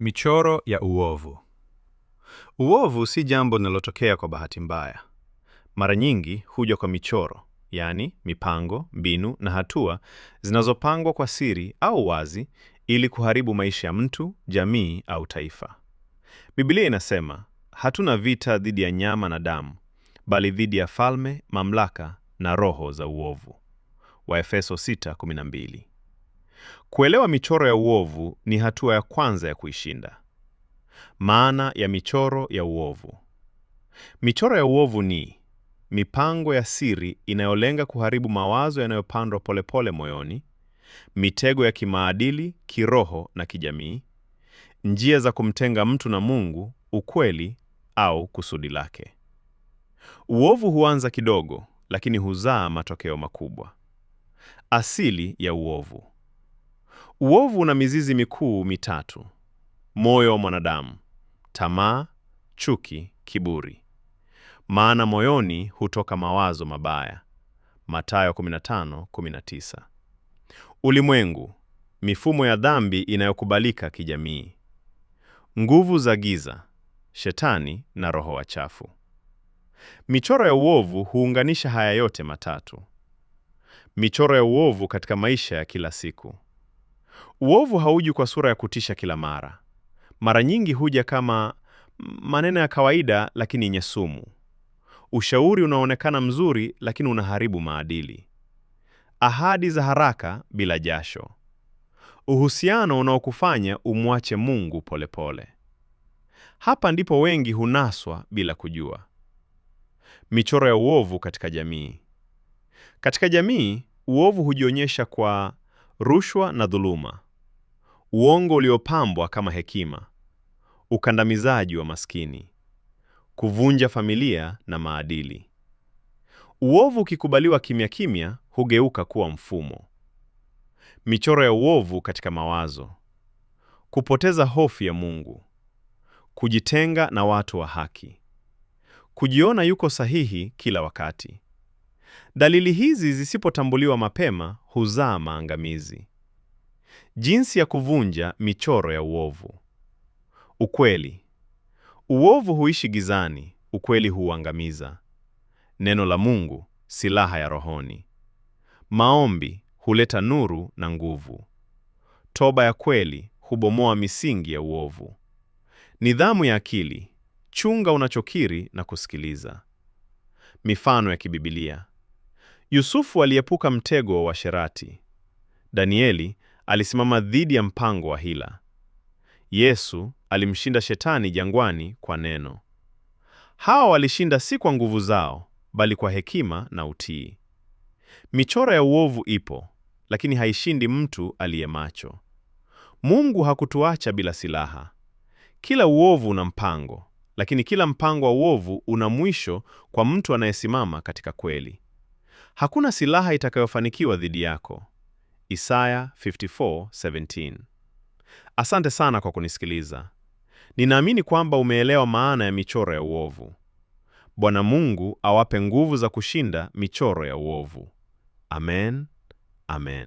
Michoro ya uovu. Uovu si jambo linalotokea kwa bahati mbaya. Mara nyingi huja kwa michoro, yaani mipango, mbinu na hatua zinazopangwa kwa siri au wazi ili kuharibu maisha ya mtu, jamii au taifa. Biblia inasema, hatuna vita dhidi ya nyama na damu, bali dhidi ya falme, mamlaka na roho za uovu. Waefeso 6:12. Kuelewa michoro ya uovu ni hatua ya kwanza ya kuishinda. Maana ya michoro ya uovu: michoro ya uovu ni mipango ya siri inayolenga kuharibu mawazo yanayopandwa polepole moyoni, mitego ya kimaadili, kiroho na kijamii, njia za kumtenga mtu na Mungu, ukweli au kusudi lake. Uovu huanza kidogo, lakini huzaa matokeo makubwa. Asili ya uovu: Uovu una mizizi mikuu mitatu: moyo wa mwanadamu, tamaa, chuki, kiburi. Maana moyoni hutoka mawazo mabaya, Mathayo 15:19. Ulimwengu, mifumo ya dhambi inayokubalika kijamii. Nguvu za giza, shetani na roho wachafu. Michoro ya uovu huunganisha haya yote matatu. Michoro ya uovu katika maisha ya kila siku. Uovu hauji kwa sura ya kutisha kila mara. Mara nyingi huja kama maneno ya kawaida, lakini yenye sumu, ushauri unaonekana mzuri, lakini unaharibu maadili, ahadi za haraka bila jasho, uhusiano unaokufanya umwache Mungu polepole pole. Hapa ndipo wengi hunaswa bila kujua. Michoro ya uovu katika jamii. Katika jamii, uovu hujionyesha kwa rushwa na dhuluma, uongo uliopambwa kama hekima, ukandamizaji wa maskini, kuvunja familia na maadili. Uovu ukikubaliwa kimya kimya hugeuka kuwa mfumo. Michoro ya uovu katika mawazo, kupoteza hofu ya Mungu, kujitenga na watu wa haki, kujiona yuko sahihi kila wakati. Dalili hizi zisipotambuliwa mapema huzaa maangamizi. Jinsi ya kuvunja michoro ya uovu. Ukweli: uovu huishi gizani, ukweli huuangamiza. Neno la Mungu silaha ya rohoni. Maombi huleta nuru na nguvu. Toba ya kweli hubomoa misingi ya uovu. Nidhamu ya akili: chunga unachokiri na kusikiliza. Mifano ya kibibilia. Yusufu aliepuka mtego wa sherati Danieli alisimama dhidi ya mpango wa hila. Yesu alimshinda shetani jangwani kwa neno. Hawa walishinda si kwa nguvu zao, bali kwa hekima na utii. Michoro ya uovu ipo, lakini haishindi mtu aliye macho. Mungu hakutuacha bila silaha. Kila uovu una mpango, lakini kila mpango wa uovu una mwisho kwa mtu anayesimama katika kweli hakuna silaha itakayofanikiwa dhidi yako. Isaya 54:17. Asante sana kwa kunisikiliza. Ninaamini kwamba umeelewa maana ya michoro ya uovu. Bwana Mungu awape nguvu za kushinda michoro ya uovu. Amen. Amen.